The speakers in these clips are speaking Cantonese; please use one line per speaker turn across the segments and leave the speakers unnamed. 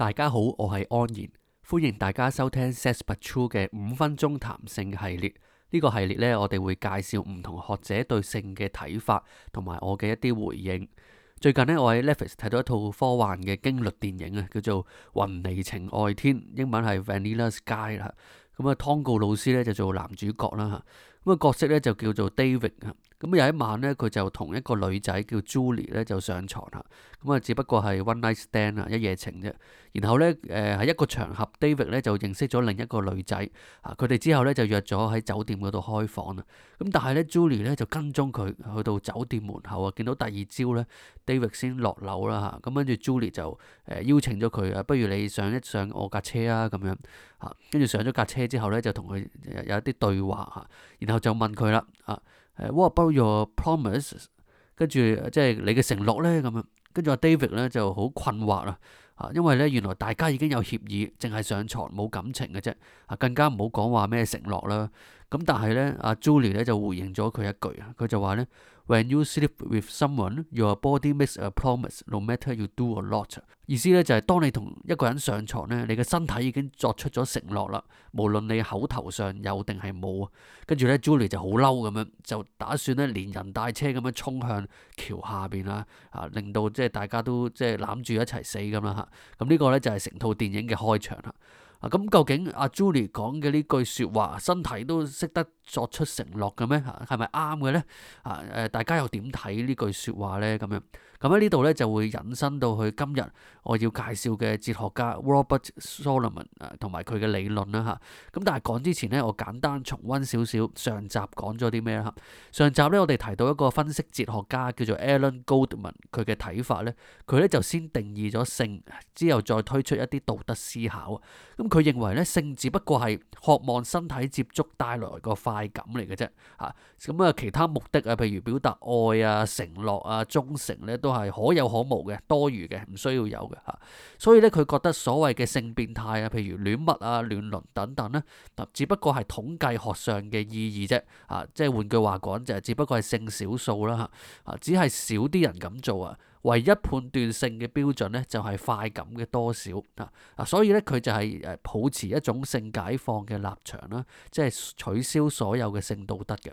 大家好，我係安然，歡迎大家收聽 sex but true 嘅五分鐘談性系列。呢、這個系列呢，我哋會介紹唔同學者對性嘅睇法，同埋我嘅一啲回應。最近呢，我喺 Netflix 睇到一套科幻嘅驚慄電影啊，叫做《魂離情外天》，英文係 Vanilla Sky 啦。咁啊，湯告魯斯呢，就做男主角啦，咁、這、啊、個、角色呢，就叫做 David 咁有一晚咧，佢就同一個女仔叫 Julie 咧，就上床啦。咁啊，只不過係 one night stand 啊，一夜情啫。然後咧，誒，呃，喺一個場合，David 咧就認識咗另一個女仔啊。佢哋之後咧就約咗喺酒店嗰度開房啦。咁但係咧，Julie 咧就跟蹤佢去到酒店門口啊，見到第二朝咧啊，David 先落樓啦吓。咁跟住 Julie 就誒邀請咗佢啊，不如你上一上我架車啊，咁樣吓。跟住上咗架車之後咧，就同佢有一啲對話吓，然後就問佢啦啊。誒，What about your promise？跟住即係你嘅承諾呢？咁樣，跟住阿 David 呢就好困惑啊！啊，因為呢，原來大家已經有協議，淨係上床，冇感情嘅啫，啊更加唔好講話咩承諾啦。咁但係咧，阿 Julie 咧就回應咗佢一句，佢就話咧：When you sleep with someone, your body makes a promise, no matter you do a lot。意思咧就係、是、當你同一個人上床咧，你嘅身體已經作出咗承諾啦，無論你口頭上有定係冇。跟住咧，Julie 就好嬲咁樣，就打算咧連人帶車咁樣衝向橋下邊啊，啊令到即係大家都即係攬住一齊死咁啦嚇。咁、啊嗯這個、呢個咧就係、是、成套電影嘅開場啦。啊，咁究竟阿、啊、Julie 講嘅呢句說話，身體都識得作出承諾嘅咩？嚇，係咪啱嘅呢？啊，大家又點睇呢句説話呢？咁樣咁喺呢度呢，就會引申到去今日我要介紹嘅哲學家 Robert Solomon 同埋佢嘅理論啦吓，咁但係講之前呢，我簡單重溫少少上集講咗啲咩啦。上集呢，我哋提到一個分析哲學家叫做 Alan Goldman，佢嘅睇法呢，佢呢就先定義咗性，之後再推出一啲道德思考。咁佢認為呢，性只不過係渴望身體接觸帶來個快。係咁嚟嘅啫。吓，咁啊，其他目的啊，譬如表達愛啊、承諾啊、忠誠咧，都係可有可無嘅、多餘嘅，唔需要有嘅吓。所以咧，佢覺得所謂嘅性變態啊，譬如戀物啊、亂倫等等咧，嗱，只不過係統計學上嘅意義啫，啊，即係換句話講就係，只不過係性少數啦，吓，只係少啲人咁做啊。唯一判斷性嘅標準呢，就係快感嘅多少啊！所以呢，佢就係誒抱持一種性解放嘅立場啦，即係取消所有嘅性道德嘅。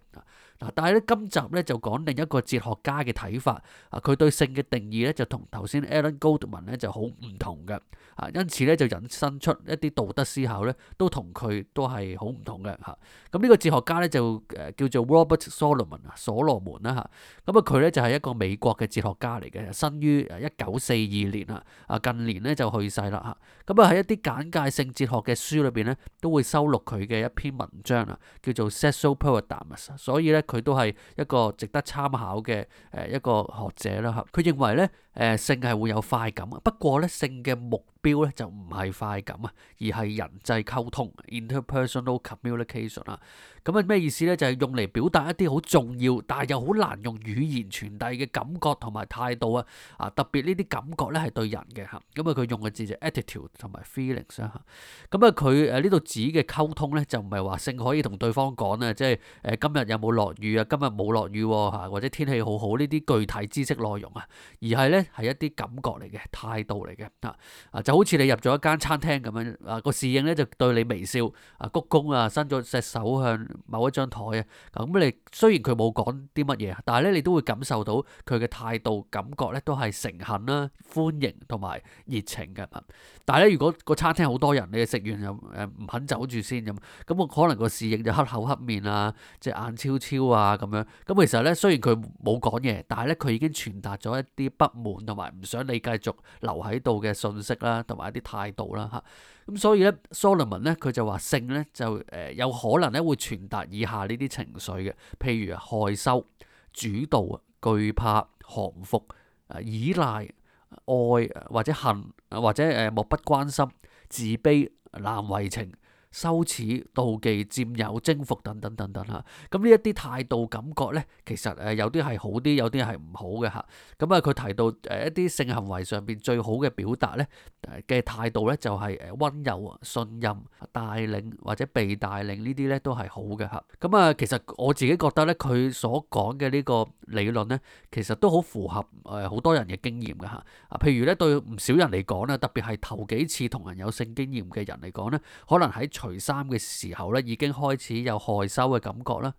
但係咧今集呢，就講另一個哲學家嘅睇法，啊，佢對性嘅定義呢，就，就同頭先 Alan Goldman 呢就好唔同嘅，啊，因此呢，就引申出一啲道德思考呢，都，都同佢都係好唔同嘅吓。咁呢個哲學家呢，就叫做 Robert Solomon 啊，所羅門啦吓。咁佢呢，就係一個美國嘅哲學家嚟嘅，生於一九四二年啊，近年呢，就去世啦吓。咁啊喺一啲簡介性哲學嘅書裏邊呢，都會收錄佢嘅一篇文章啦，叫做 Sexual Paradigms，所以呢。佢都係一個值得參考嘅誒，一個學者啦，嚇。佢認為呢，誒性係會有快感，不過呢性嘅目標呢就唔係快感啊，而係人際溝通 （interpersonal communication） 啊。咁啊咩意思呢？就係用嚟表達一啲好重要，但係又好難用語言傳遞嘅感覺同埋態度啊。啊，特別呢啲感覺呢係對人嘅嚇。咁啊佢用嘅字就 attitude 同埋 feelings 啊。咁啊佢，誒呢度指嘅溝通呢就唔係話性可以同對方講啊，即係誒今日有冇落。雨啊，今日冇落雨喎嚇，或者天氣好好呢啲具體知識內容啊，而係咧係一啲感覺嚟嘅態度嚟嘅嚇啊，就好似你入咗一間餐廳咁樣啊，個侍應咧就對你微笑啊、鞠躬啊、伸咗隻手向某一張台啊，咁你雖然佢冇講啲乜嘢，但係咧你都會感受到佢嘅態度感覺咧都係誠懇啦、歡迎同埋熱情嘅。但係咧如果個餐廳好多人，你食完又誒唔肯走住先咁，咁我可能個侍應就黑口黑面啊，即係眼超超。啊咁樣，咁其實咧，雖然佢冇講嘢，但係咧，佢已經傳達咗一啲不滿同埋唔想你繼續留喺度嘅信息啦，同埋一啲態度啦嚇。咁、啊、所以咧 Solomon 咧，佢就話性咧就誒、呃、有可能咧會傳達以下呢啲情緒嘅，譬如害羞、主導、懼怕、降服、啊、依賴、愛或者恨或者誒漠不關心、自卑、難為情。羞恥、妒忌、佔有、征服等等等等嚇，咁呢一啲態度感覺呢，其實誒有啲係好啲，有啲係唔好嘅嚇。咁、嗯、啊，佢提到誒一啲性行為上邊最好嘅表達呢嘅、呃、態度呢，就係誒温柔、信任、帶領或者被帶領呢啲呢都係好嘅嚇。咁、嗯、啊，其實我自己覺得呢，佢所講嘅呢個理論呢，其實都好符合誒好、呃、多人嘅經驗嘅嚇。啊，譬如呢，對唔少人嚟講呢，特別係頭幾次同人有性經驗嘅人嚟講呢，可能喺除衫嘅時候咧，已經開始有害羞嘅感覺啦。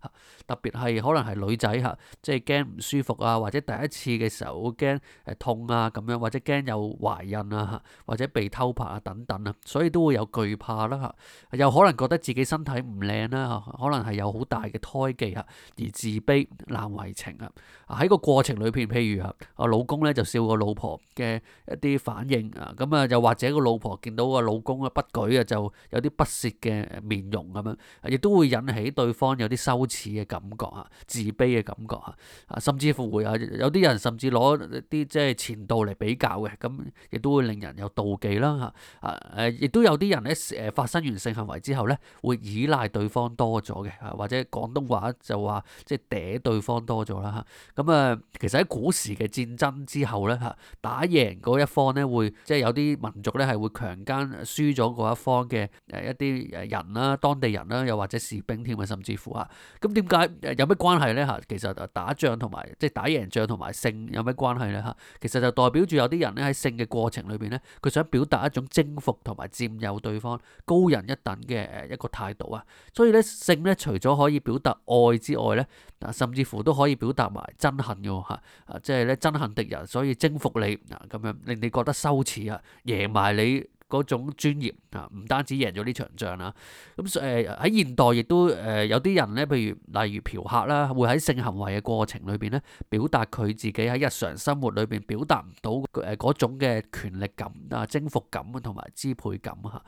特別係可能係女仔吓，即係驚唔舒服啊，或者第一次嘅時候驚誒痛啊，咁樣或者驚有懷孕啊，或者被偷拍啊等等啊，所以都會有懼怕啦吓。又可能覺得自己身體唔靚啦，吓，可能係有好大嘅胎記吓，而自卑難為情啊。喺個過程裏邊，譬如吓啊，老公咧就笑個老婆嘅一啲反應啊，咁啊又或者個老婆見到個老公啊不舉啊，就有啲不屑，嘅面容咁樣，亦都會引起對方有啲羞恥嘅感覺啊，自卑嘅感覺啊，啊甚至乎會啊，有啲人甚至攞啲即係前度嚟比較嘅，咁亦都會令人有妒忌啦嚇，啊誒，亦都有啲人咧誒發生完性行為之後咧，會依賴對方多咗嘅，或者廣東話就話即係嗲對方多咗啦嚇。咁啊，其實喺古時嘅戰爭之後咧嚇，打贏嗰一方咧會即係有啲民族咧係會強姦輸咗嗰一方嘅誒一啲。人啦、啊，當地人啦、啊，又或者士兵添啊，甚至乎啊，咁點解有咩關係呢？嚇，其實打仗同埋即係打贏仗同埋性有咩關係呢？嚇、啊，其實就代表住有啲人咧喺性嘅過程裏邊呢，佢想表達一種征服同埋佔有對方高人一等嘅一個態度啊。所以咧，性咧除咗可以表達愛之外呢，啊、甚至乎都可以表達埋憎恨嘅嚇、啊啊，即係咧憎恨敵人，所以征服你嗱咁、啊、樣令你覺得羞恥啊，贏埋你。嗰種專業啊，唔單止贏咗呢場仗啦，咁誒喺現代亦都誒、呃、有啲人咧，譬如例如嫖客啦，會喺性行為嘅過程裏邊咧，表達佢自己喺日常生活裏邊表達唔到誒嗰種嘅權力感啊、征服感啊同埋支配感啊。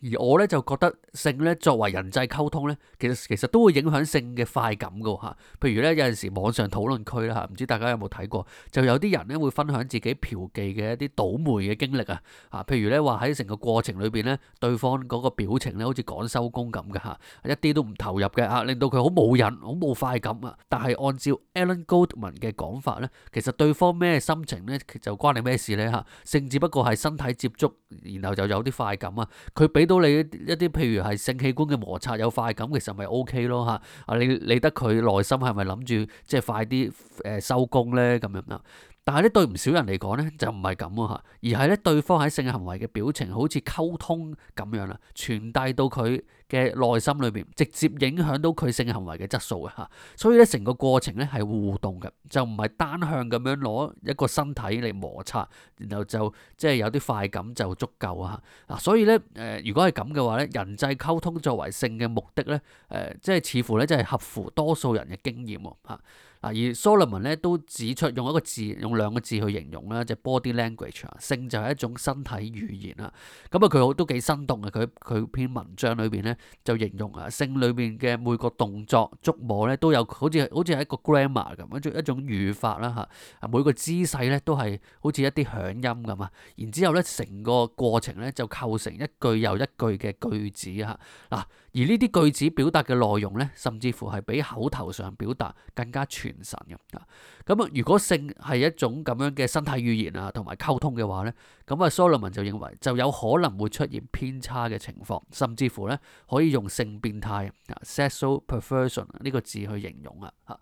而我咧就覺得性咧作為人際溝通咧，其實其實都會影響性嘅快感噶嚇、啊。譬如咧有陣時網上討論區啦嚇，唔知大家有冇睇過？就有啲人咧會分享自己嫖妓嘅一啲倒楣嘅經歷啊嚇。譬如咧話喺成個過程裏邊咧，對方嗰個表情咧好似趕收工咁嘅嚇，一啲都唔投入嘅啊，令到佢好冇癮，好冇快感啊。但係按照 Alan Goldman 嘅講法咧，其實對方咩心情咧就關你咩事咧嚇。性、啊、只不過係身體接觸，然後就有啲快感啊，佢俾。到你一啲譬如係性器官嘅摩擦有快感，其實咪 O K 咯嚇。啊，你理得佢內心係咪諗住即係快啲誒、呃、收工呢？咁樣啦？但係咧對唔少人嚟講呢，就唔係咁啊嚇，而係呢，對方喺性行為嘅表情好似溝通咁樣啦，傳達到佢嘅內心裏邊，直接影響到佢性行為嘅質素嘅嚇，所以咧成個過程咧係互動嘅，就唔係單向咁樣攞一個身體嚟摩擦，然後就即係有啲快感就足夠啊！嗱，所以咧誒、呃，如果係咁嘅話咧，人際溝通作為性嘅目的咧，誒、呃，即係似乎咧即係合乎多數人嘅經驗喎嚇。而 Solomon 咧都指出用一個字、用兩個字去形容咧，就是、body language，啊，性就係一種身體語言啊。咁、嗯、啊，佢好都幾生動嘅。佢佢篇文章裏邊咧就形容啊，性裏邊嘅每個動作、觸摸咧都有好似好似係一個 grammar 咁，一種一種語法啦吓，每個姿勢咧都係好似一啲響音咁啊。然之後咧，成個過程咧就構成一句又一句嘅句子嚇。嗱、啊，而呢啲句子表達嘅內容咧，甚至乎係比口頭上表達更加全神咁啊，如果性係一種咁樣嘅身態語言啊，同埋溝通嘅話咧，咁啊，m o n 就認為就有可能會出現偏差嘅情況，甚至乎呢可以用性變態啊 s e x u l perversion） 呢個字去形容啊，吓，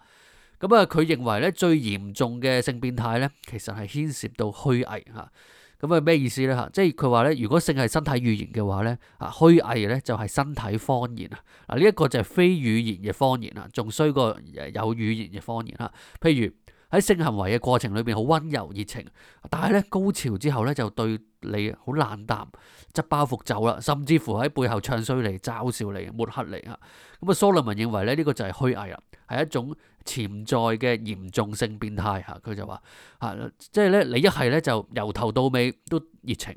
咁啊，佢認為呢最嚴重嘅性變態呢，其實係牽涉到虛偽吓。咁係咩意思呢？即係佢話咧，如果性係身體語言嘅話咧，啊虛偽咧就係身體謊言！啊，嗱，呢一個就係非語言嘅謊言啊，仲衰過有語言嘅謊言啦。譬如喺性行為嘅過程裏邊好溫柔熱情，但係咧高潮之後呢，就對，你好冷淡，執包袱走啦，甚至乎喺背後唱衰你、嘲笑你、抹黑你啊！咁啊，Solomon 認為咧，呢、這個就係虛偽啊，係一種潛在嘅嚴重性變態吓。佢、啊、就話啊，即係咧，你一係咧就由頭到尾都熱情，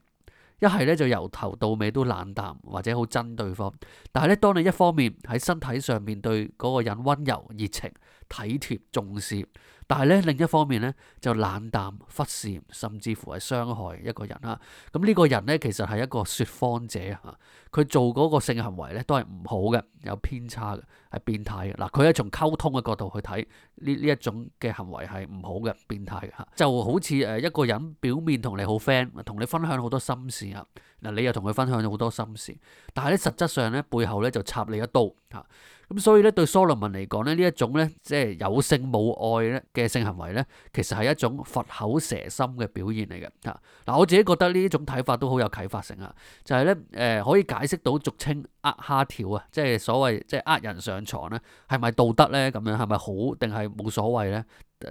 一係咧就由頭到尾都冷淡或者好憎對方。但係咧，當你一方面喺身體上面對嗰個人溫柔、熱情、體貼、重視。但係咧，另一方面咧就冷淡、忽視，甚至乎係傷害一個人啦。咁、嗯、呢、呢個人咧其實係一個說謊者啊。佢做嗰個性行為咧都係唔好嘅，有偏差嘅，係變態嘅。嗱、啊，佢係從溝通嘅角度去睇呢呢一種嘅行為係唔好嘅，變態嘅吓、啊。就好似誒一個人表面同你好 friend，同你分享好多心事啊。嗱、啊，你又同佢分享咗好多心事，但係咧實質上咧背後咧就插你一刀吓。啊。咁所以咧，對 Solomon 嚟講咧，呢一種咧，即係有性冇愛咧嘅性行為咧，其實係一種佛口蛇心嘅表現嚟嘅吓嗱。我自己覺得呢一種睇法都好有啟發性啊，就係咧誒可以解釋到俗稱呃蝦條啊，即係所謂即係呃人上床咧，係咪道德咧？咁樣係咪好定係冇所謂咧？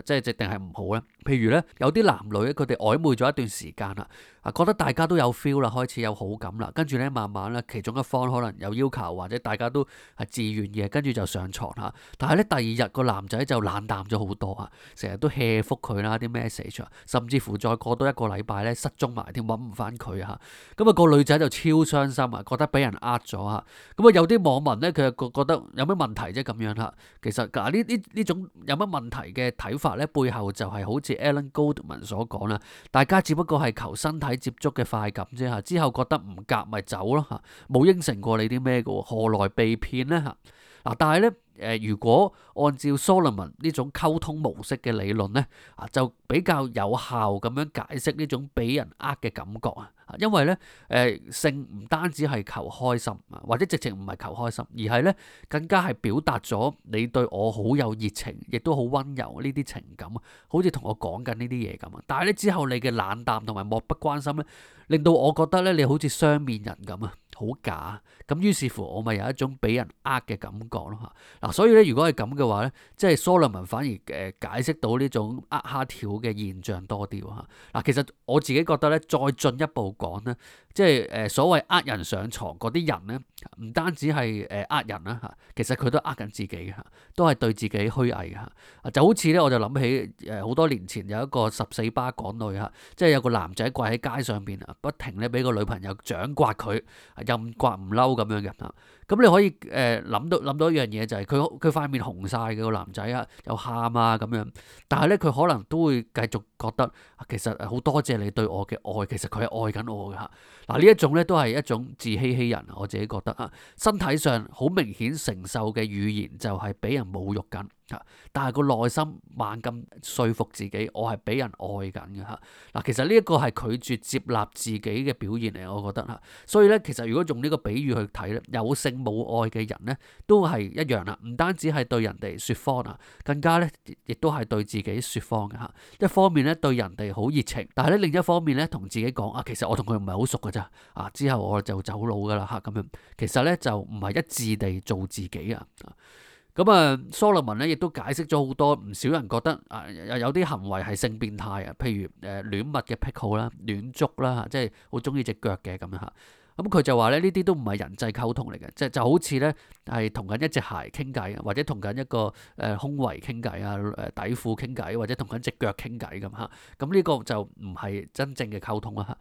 即係直定係唔好咧？譬如咧，有啲男女佢哋曖昧咗一段時間啦。覺得大家都有 feel 啦，開始有好感啦，跟住咧慢慢咧，其中一方可能有要求，或者大家都係自願嘅，跟住就上床嚇。但係咧第二日個男仔就冷淡咗好多啊，成日都 hea 覆佢啦，啲 message 甚至乎再過多一個禮拜咧失蹤埋，啲揾唔翻佢嚇。咁啊個女仔就超傷心啊，覺得俾人呃咗嚇。咁啊有啲網民咧，佢又覺得有乜問題啫咁樣嚇。其實呢呢呢種有乜問題嘅睇法咧，背後就係好似 Alan Goldman 所講啦，大家只不過係求身體。接觸嘅快感啫嚇，之後覺得唔夾咪走咯嚇，冇應承過你，你啲咩嘅，何來被騙咧嚇？嗱，但係咧，誒、呃，如果按照 Solomon 呢種溝通模式嘅理論咧，啊，就比較有效咁樣解釋呢種俾人呃嘅感覺啊，因為咧，誒、呃，性唔單止係求開心啊，或者直情唔係求開心，而係咧更加係表達咗你對我好有熱情，亦都好溫柔呢啲情感啊，好似同我講緊呢啲嘢咁啊，但係咧之後你嘅冷淡同埋漠不關心咧，令到我覺得咧你好似雙面人咁啊！好假咁，於是乎我咪有一種俾人呃嘅感覺咯嚇。嗱、啊，所以咧，如果係咁嘅話咧，即係蘇立文反而誒、呃、解釋到呢種呃蝦條嘅現象多啲嚇嗱，其實我自己覺得咧再進一步講咧。即係誒所謂呃人上床嗰啲人咧，唔單止係誒呃人啦嚇，其實佢都呃緊自己嘅，都係對自己虛偽嘅嚇。就好似咧，我就諗起誒好多年前有一個十四巴港女嚇，即係有個男仔跪喺街上邊啊，不停咧俾個女朋友掌摑佢，任摑唔嬲咁樣嘅嚇。咁你可以誒、呃、諗到諗到一樣嘢，就係佢佢塊面紅晒嘅個男仔啊，又喊啊咁樣，但係咧佢可能都會繼續覺得、啊、其實好多謝你對我嘅愛，其實佢係愛緊我㗎。嗱，呢一種咧都係一種自欺欺人，我自己覺得啊，身體上好明顯承受嘅語言就係俾人侮辱緊。但係個內心猛咁說服自己，我係俾人愛緊嘅吓。嗱，其實呢一個係拒絕接納自己嘅表現嚟，我覺得吓。所以咧，其實如果用呢個比喻去睇咧，有性冇愛嘅人咧，都係一樣啦。唔單止係對人哋說謊啊，更加咧亦都係對自己說謊嘅吓。一方面咧對人哋好熱情，但係咧另一方面咧同自己講啊，其實我同佢唔係好熟嘅咋啊，之後我就走佬噶啦吓，咁樣。其實咧就唔係一致地做自己啊。咁啊，Solomon 咧亦都解釋咗好多，唔少人覺得啊、呃，有啲行為係性變態啊，譬如誒、呃、戀物嘅癖好啦、戀足啦，即係好中意隻腳嘅咁樣吓。咁佢就話咧，呢啲都唔係人際溝通嚟嘅，即、就、係、是、就好似咧係同緊一隻鞋傾偈，或者同緊一個誒胸圍傾偈啊、誒、呃、底褲傾偈，或者同緊隻腳傾偈咁吓。咁呢個就唔係真正嘅溝通啦。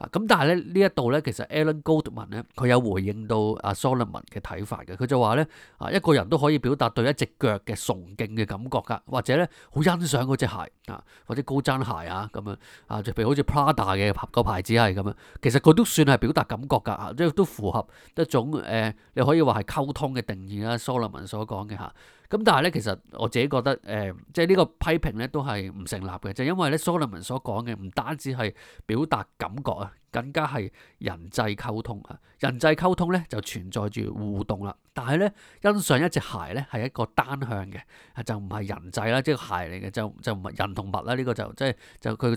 啊！咁但係咧，呢一度咧，其實 Alan Goldman 咧，佢有回應到啊 Solomon 嘅睇法嘅。佢就話咧，啊一個人都可以表達對一隻腳嘅崇敬嘅感覺㗎，或者咧好欣賞嗰隻鞋啊，或者高踭鞋啊咁樣啊，就譬如好似 Prada 嘅個牌子係咁樣，其實佢都算係表達感覺㗎，即係都符合一種誒、呃，你可以話係溝通嘅定義啦、啊。Solomon 所講嘅嚇。啊。咁但係咧，其實我自己覺得，誒、呃，即係呢個批評咧都係唔成立嘅，就因為咧，Solomon 所講嘅唔單止係表達感覺啊，更加係人際溝通啊。人際溝通咧就存在住互動啦。但係咧，欣賞一隻鞋咧係一個單向嘅，就唔係人際啦，即係鞋嚟嘅，就就唔係人同物啦。呢、這個就即係就佢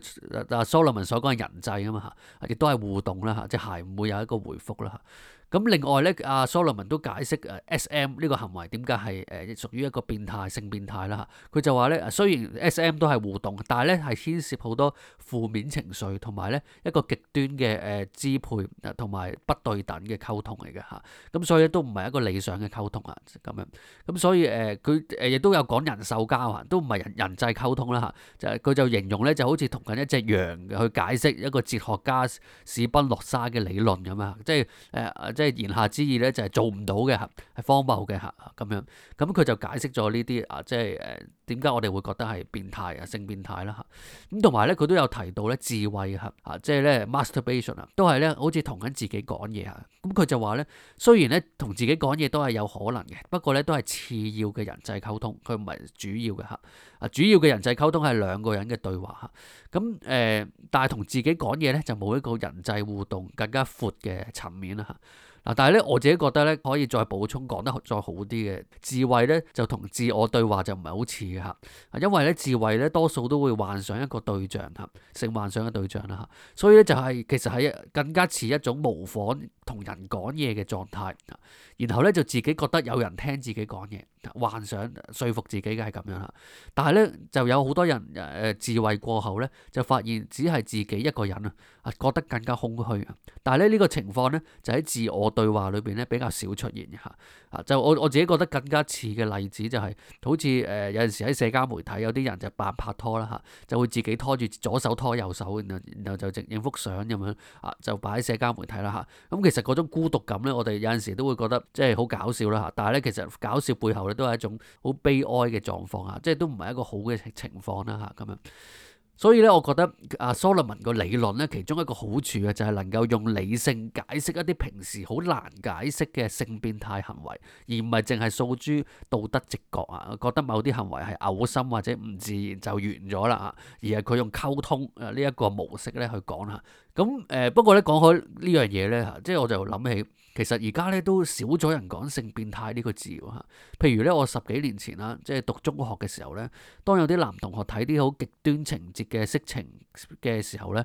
啊 Solomon 所講嘅人際啊嘛嚇，亦都係互動啦嚇，隻鞋唔會有一個回覆啦嚇。咁另外咧，阿 Solomon 都解釋誒 S.M. 呢個行為點解係誒屬於一個變態性變態啦嚇。佢就話咧，雖然 S.M. 都係互動，但係咧，係牽涉好多負面情緒同埋咧一個極端嘅誒支配同埋不對等嘅溝通嚟嘅嚇。咁所以都唔係一個理想嘅溝通啊咁樣。咁所以誒佢誒亦都有講人獸交，都唔係人人際溝通啦嚇。就係佢就形容咧就好似同緊一隻羊去解釋一個哲學家史賓諾莎嘅理論咁啊，即係誒即係。言下之意咧，就係做唔到嘅嚇，係荒謬嘅嚇咁樣。咁佢就解釋咗呢啲啊，即係誒點解我哋會覺得係變態啊，性變態啦嚇咁同埋咧，佢、啊、都有提到咧自慰嚇嚇，即、啊、係咧、就是、masturbation 啊，都係咧好似同緊自己講嘢嚇。咁、啊、佢、嗯、就話咧，雖然咧同自己講嘢都係有可能嘅，不過咧都係次要嘅人際溝通，佢唔係主要嘅嚇啊，啊。主要嘅人際溝通係兩個人嘅對話嚇。咁、啊、誒、啊，但係同自己講嘢咧就冇一個人際互動更加闊嘅層面啦嚇。啊。但係咧我自己覺得咧可以再補充講得再好啲嘅，自慰，咧就同自我對話就唔係好似嘅吓，因為咧自慰咧多數都會幻想一個對象吓，性幻想嘅對象啦吓，所以咧就係其實係更加似一種模仿同人講嘢嘅狀態，然後咧就自己覺得有人聽自己講嘢。幻想說服自己嘅係咁樣啦，但係咧就有好多人誒、呃、自慰過後咧就發現只係自己一個人啊，啊覺得更加空虛啊。但係咧呢、呢個情況咧就喺自我對話裏邊咧比較少出現嘅吓啊，就我我自己覺得更加似嘅例子就係、是、好似誒、呃、有陣時喺社交媒體有啲人就扮拍拖啦吓、啊，就會自己拖住左手拖右手，然後然後就整整幅相咁樣，樣啊就擺喺社交媒體啦吓。咁、啊啊嗯、其實嗰種孤獨感咧，我哋有陣時都會覺得即係好搞笑啦吓、啊，但係咧其實搞笑背後都係一種好悲哀嘅狀況啊！即係都唔係一個好嘅情況啦嚇咁樣。所以咧，我覺得阿 Solomon 個理論咧，其中一個好處啊，就係能夠用理性解釋一啲平時好難解釋嘅性變態行為，而唔係淨係訴諸道德直覺啊，覺得某啲行為係嘔心或者唔自然就完咗啦嚇。而係佢用溝通呢一個模式咧去講嚇。咁誒、呃、不過咧講開呢樣嘢咧嚇，即係我就諗起。其實而家咧都少咗人講性變態呢個字喎。譬如咧我十幾年前啦，即係讀中學嘅時候咧，當有啲男同學睇啲好極端情節嘅色情嘅時候咧，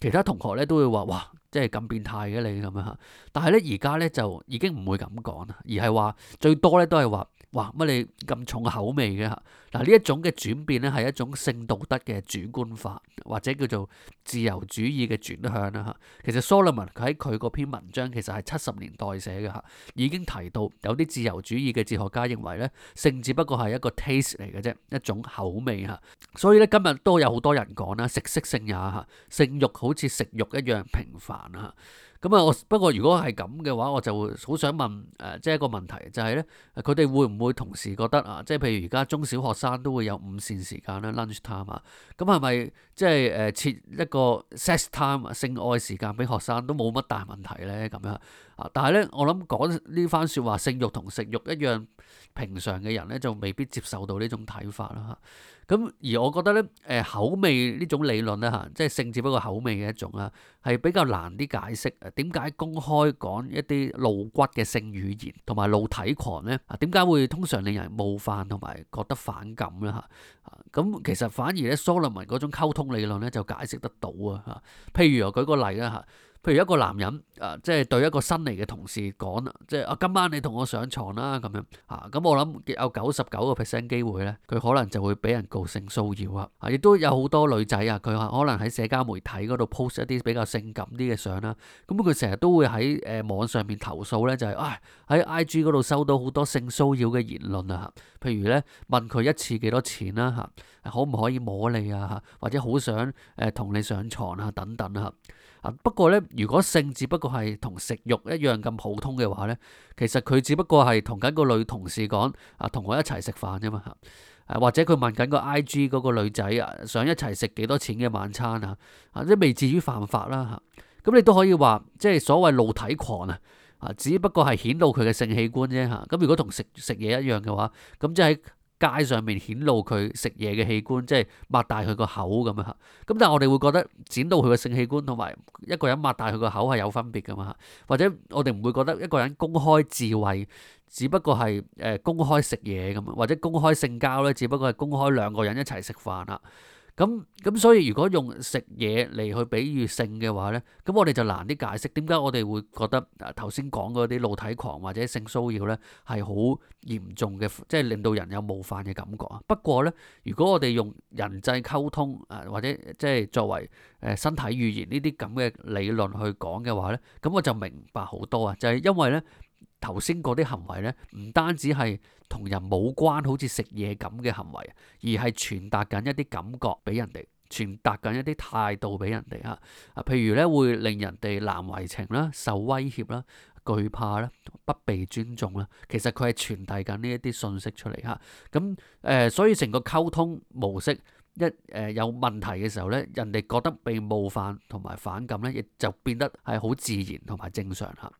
其他同學咧都會話哇，即係咁變態嘅你咁樣？但係咧而家咧就已經唔會咁講啦，而係話最多咧都係話。哇！乜你咁重口味嘅吓？嗱，呢一種嘅轉變呢，係一種性道德嘅主觀化，或者叫做自由主義嘅轉向啦吓。其實 Solomon 佢喺佢嗰篇文章，其實係七十年代寫嘅吓，已經提到有啲自由主義嘅哲學家認為呢，性只不過係一個 taste 嚟嘅啫，一種口味吓。所以呢，今日都有好多人講啦，食色性也吓，性欲好似食欲一樣平凡吓。咁啊！我不過如果係咁嘅話，我就好想問誒、呃，即係一個問題就係呢，佢哋會唔會同時覺得啊？即係譬如而家中小學生都會有午膳時間啦，lunch time 啊，咁係咪即係誒、呃、設一個 sex time 性愛時間俾學生都冇乜大問題呢？咁樣啊，但係呢，我諗講呢番説話，性慾同食慾一樣平常嘅人呢就未必接受到呢種睇法啦。咁而我覺得咧，誒、呃、口味呢種理論咧嚇，即係性只不過口味嘅一種啦，係比較難啲解釋啊。點解公開講一啲露骨嘅性語言同埋露體狂呢？啊，點解會通常令人冒犯同埋覺得反感呢？嚇、啊，咁、嗯、其實反而喺 Solomon 嗰種溝通理論呢，就解釋得到啊。譬如我舉個例啦嚇。啊，譬如一個男人，啊，即係對一個新嚟嘅同事講，即係啊，今晚你同我上床啦，咁樣，吓、嗯，咁、嗯嗯、我諗有九十九個 percent 機會咧，佢可能就會俾人告性騷擾啊，亦都有好多女仔啊，佢可能喺社交媒體嗰度 post 一啲比較性感啲嘅相啦，咁佢成日都會喺誒、呃、網上面投訴咧，就係啊喺 IG 嗰度收到好多性騷擾嘅言論啊，譬如咧問佢一次幾多錢啦、啊、吓、啊，可唔可以摸你啊，或者好想誒同你上床啊，等等啊。啊、不過呢，如果性只不過係同食慾一樣咁普通嘅話呢，其實佢只不過係同緊個女同事講啊，同我一齊食飯啫嘛、啊、或者佢問緊個 IG 嗰個女仔啊，想一齊食幾多錢嘅晚餐啊，即未至於犯法啦吓。咁、啊、你都可以話，即係所謂露體狂啊，啊只不過係顯露佢嘅性器官啫吓。咁、啊啊、如果同食食嘢一樣嘅話，咁即係。街上面顯露佢食嘢嘅器官，即係擘大佢個口咁樣。咁但係我哋會覺得剪到佢個性器官，同埋一個人擘大佢個口係有分別噶嘛？或者我哋唔會覺得一個人公開自慰，只不過係誒公開食嘢咁啊？或者公開性交呢，只不過係公開兩個人一齊食飯啊？咁咁所以如果用食嘢嚟去比喻性嘅話咧，咁我哋就難啲解釋點解我哋會覺得啊頭先講嗰啲露體狂或者性騷擾咧係好嚴重嘅，即係令到人有冒犯嘅感覺啊。不過咧，如果我哋用人際溝通啊或者即係作為誒身體語言呢啲咁嘅理論去講嘅話咧，咁我就明白好多啊。就係因為咧頭先嗰啲行為咧唔單止係同人冇關，好似食嘢咁嘅行為，而係傳達緊一啲感覺俾人哋，傳達緊一啲態度俾人哋嚇。啊，譬如咧會令人哋難為情啦、受威脅啦、懼怕啦、不被尊重啦，其實佢係傳遞緊呢一啲信息出嚟嚇。咁誒、呃，所以成個溝通模式一誒、呃、有問題嘅時候咧，人哋覺得被冒犯同埋反感咧，亦就變得係好自然同埋正常嚇。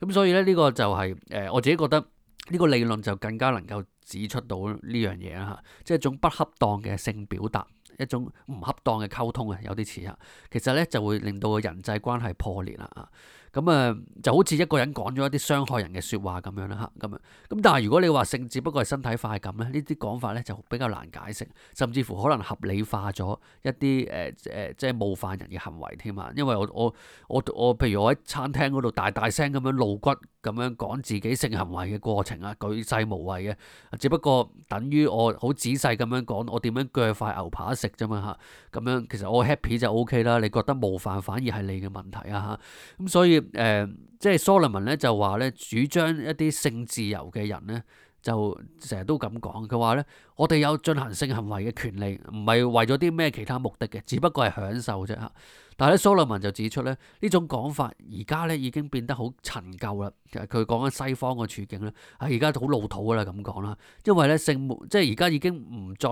咁所以咧呢、呢個就係、是、誒、呃、我自己覺得。呢個理論就更加能夠指出到呢樣嘢啦嚇，即係一種不恰當嘅性表達，一種唔恰當嘅溝通啊，有啲似啊。其實呢就會令到個人際關係破裂啦咁啊，啊就好似一個人講咗一啲傷害人嘅説話咁樣啦嚇。咁啊咁、啊、但係如果你話性只不過係身體快感呢，呢啲講法呢，就比較難解釋，甚至乎可能合理化咗一啲誒、呃呃、即係冒犯人嘅行為添嘛。因為我我我，我譬如我喺餐廳嗰度大大聲咁樣露骨，咁樣講自己性行為嘅過程啊，舉世無畏嘅，只不過等於我好仔細咁樣講我點樣鋸塊牛扒食啫嘛嚇，咁樣其實我 happy 就 OK 啦，你覺得冒犯反而係你嘅問題啊嚇，咁、嗯、所以誒、呃，即係 Solomon 咧就話咧，主張一啲性自由嘅人咧。就成日都咁講，佢話呢，我哋有進行性行為嘅權利，唔係為咗啲咩其他目的嘅，只不過係享受啫嚇。但係咧，蘇洛文就指出呢，種呢種講法而家呢已經變得好陳舊啦。佢講緊西方嘅處境呢，係而家好老土啦咁講啦，因為呢，性即係而家已經唔再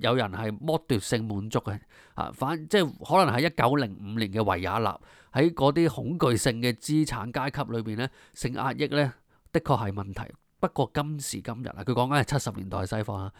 有人係剝奪性滿足嘅啊。反即係可能係一九零五年嘅維也納喺嗰啲恐懼性嘅資產階級裏邊呢，性壓抑呢，的確係問題。不過今時今日啊，佢講緊係七十年代西方啊，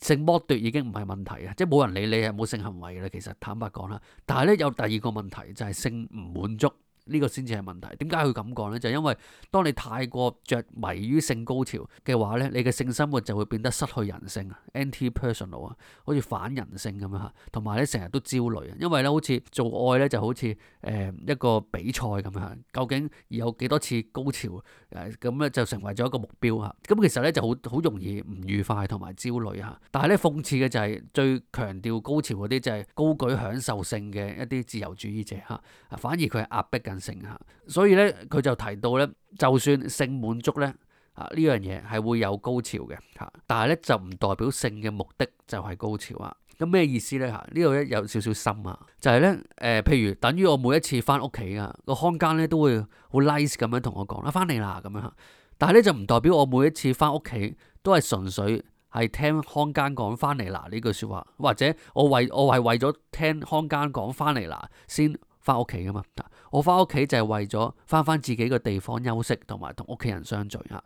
性剝奪已經唔係問題啊，即係冇人理你係冇性行為嘅啦。其實坦白講啦，但係咧有第二個問題就係、是、性唔滿足。呢個先至係問題。點解佢咁講呢？就係、因為當你太過着迷於性高潮嘅話呢，你嘅性生活就會變得失去人性啊，anti-personal 啊，Ant al, 好似反人性咁樣嚇。同埋呢，成日都焦慮啊，因為呢，好似做愛呢，就好似誒、呃、一個比賽咁樣，究竟有幾多次高潮誒？咁、啊、呢就成為咗一個目標嚇。咁、啊、其實呢，就好好容易唔愉快同埋焦慮嚇、啊。但係呢，諷刺嘅就係最強調高潮嗰啲就係高舉享受性嘅一啲自由主義者嚇、啊，反而佢係壓迫緊。性嚇，所以咧佢就提到咧，就算性滿足咧啊呢樣嘢係會有高潮嘅嚇、啊，但係咧就唔代表性嘅目的就係高潮啊。咁、啊、咩意思咧？吓呢度咧有少少深啊，就係咧誒，譬如等於我每一次翻屋企啊，個看更咧都會好 nice 咁樣同我講啦，翻嚟啦咁樣。但係咧就唔代表我每一次翻屋企都係純粹係聽看更講翻嚟啦呢句說話，或者我為我係為咗聽看更講翻嚟啦先翻屋企噶嘛。啊我返屋企就係為咗返返自己個地方休息，同埋同屋企人相聚嚇。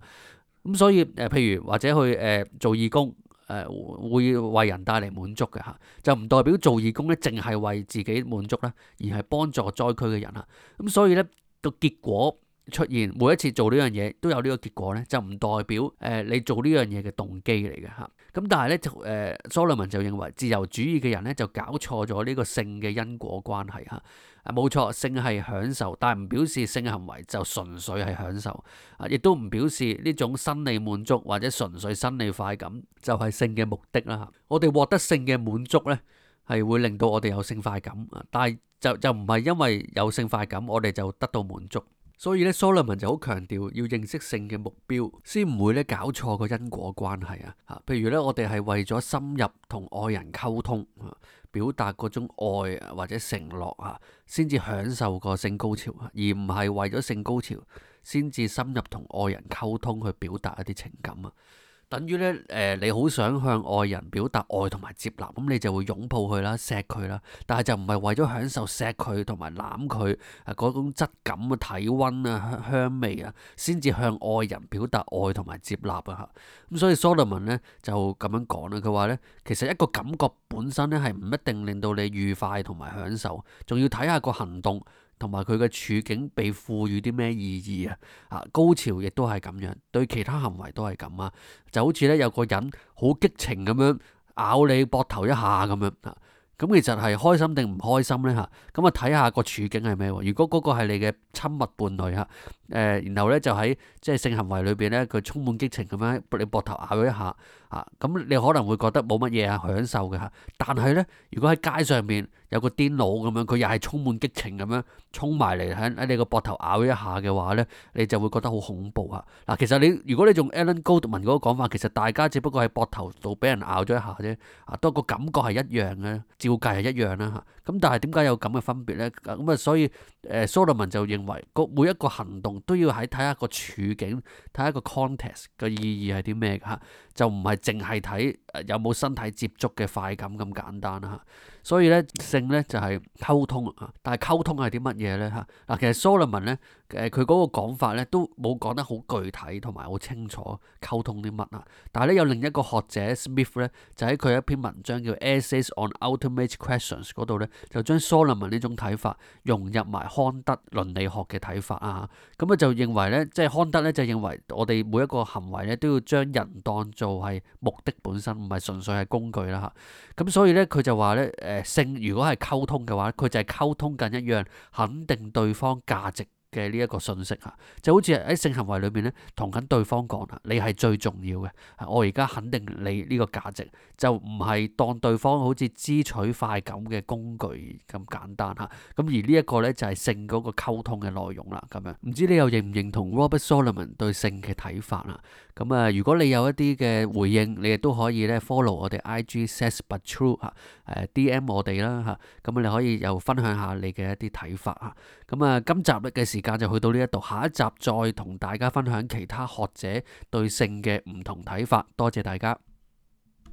咁、嗯、所以誒、呃，譬如或者去誒、呃、做義工，誒、呃、會為人帶嚟滿足嘅嚇。就唔代表做義工咧，淨係為自己滿足啦，而係幫助災區嘅人嚇。咁、嗯、所以呢個結果出現每一次做呢樣嘢都有呢個結果咧，就唔代表誒你做呢樣嘢嘅動機嚟嘅吓。咁但係咧就誒，Solomon 就認為自由主義嘅人咧就搞錯咗呢個性嘅因果關係吓。啊，冇錯，性係享受，但係唔表示性行為就純粹係享受啊，亦都唔表示呢種生理滿足或者純粹生理快感就係性嘅目的啦。吓，我哋獲得性嘅滿足咧係會令到我哋有性快感，但係就就唔係因為有性快感我哋就得到滿足。所以咧，Solomon 就好強調要認識性嘅目標，先唔會咧搞錯個因果關係啊！嚇，譬如呢，我哋係為咗深入同愛人溝通，表達嗰種愛或者承諾啊，先至享受個性高潮，而唔係為咗性高潮先至深入同愛人溝通去表達一啲情感啊。等於咧，誒、呃、你好想向愛人表達愛同埋接納，咁你就會擁抱佢啦，錫佢啦。但係就唔係為咗享受錫佢同埋攬佢嗰種質感啊、體温啊、香味啊，先至向愛人表達愛同埋接納啊。咁所以 Solomon 咧就咁樣講啦，佢話呢，其實一個感覺本身呢係唔一定令到你愉快同埋享受，仲要睇下個行動。同埋佢嘅處境被賦予啲咩意義啊？啊，高潮亦都係咁樣，對其他行為都係咁啊！就好似咧有個人好激情咁樣咬你膊頭一下咁樣啊！咁、啊、其實係開心定唔開心呢？嚇、啊？咁啊睇下個處境係咩喎？如果嗰個係你嘅親密伴侶啊～誒，然後咧就喺即係性行為裏邊咧，佢充滿激情咁樣，你膊頭咬一下啊，咁你可能會覺得冇乜嘢啊，享受嘅嚇。但係咧，如果喺街上面有個癲佬咁樣，佢又係充滿激情咁樣，衝埋嚟喺喺你個膊頭咬一下嘅話咧，你就會覺得好恐怖嚇。嗱，其實你如果你用 Alan Goldman 嗰個講法，其實大家只不過係膊頭度俾人咬咗一下啫，啊，都個感覺係一樣嘅，照計係一樣啦嚇。咁但係點解有咁嘅分別咧？咁啊，所以誒，Solomon 就認為個每一個行動，都要喺睇下個處境，睇下個 context 嘅意義係啲咩㗎？就唔係淨係睇有冇身體接觸嘅快感咁簡單啊！所以咧，性咧就係溝通啊！但係溝通係啲乜嘢咧？嚇嗱，其實 Solomon 咧，誒佢嗰個講法咧都冇講得好具體同埋好清楚溝通啲乜啊！但係咧有另一個學者 Smith 咧，就喺佢一篇文章叫《Essays on Ultimate Questions》嗰度咧，就將 Solomon 呢種睇法融入埋康德倫理學嘅睇法啊！咁啊就認為咧，即係康德咧就認為我哋每一個行為咧都要將人當做係目的本身，唔係純粹係工具啦嚇。咁所以咧，佢就話咧。誒性如果係溝通嘅話，佢就係溝通緊一樣肯定對方價值嘅呢一個信息嚇，就好似喺性行為裏面咧，同緊對方講啦，你係最重要嘅，我而家肯定你呢個價值，就唔係當對方好似支取快感嘅工具咁簡單嚇。咁、啊、而呢、就係、一個咧就係性嗰個溝通嘅內容啦，咁樣唔知你又認唔認同 Robert Solomon 對性嘅睇法啊？咁啊、嗯，如果你有一啲嘅回應，你亦都可以咧 follow 我哋 IG Says But True 嚇，誒、啊、DM 我哋啦吓，咁、啊、你可以又分享下你嘅一啲睇法嚇。咁啊，今集嘅時間就去到呢一度，下一集再同大家分享其他學者對性嘅唔同睇法。多謝大家。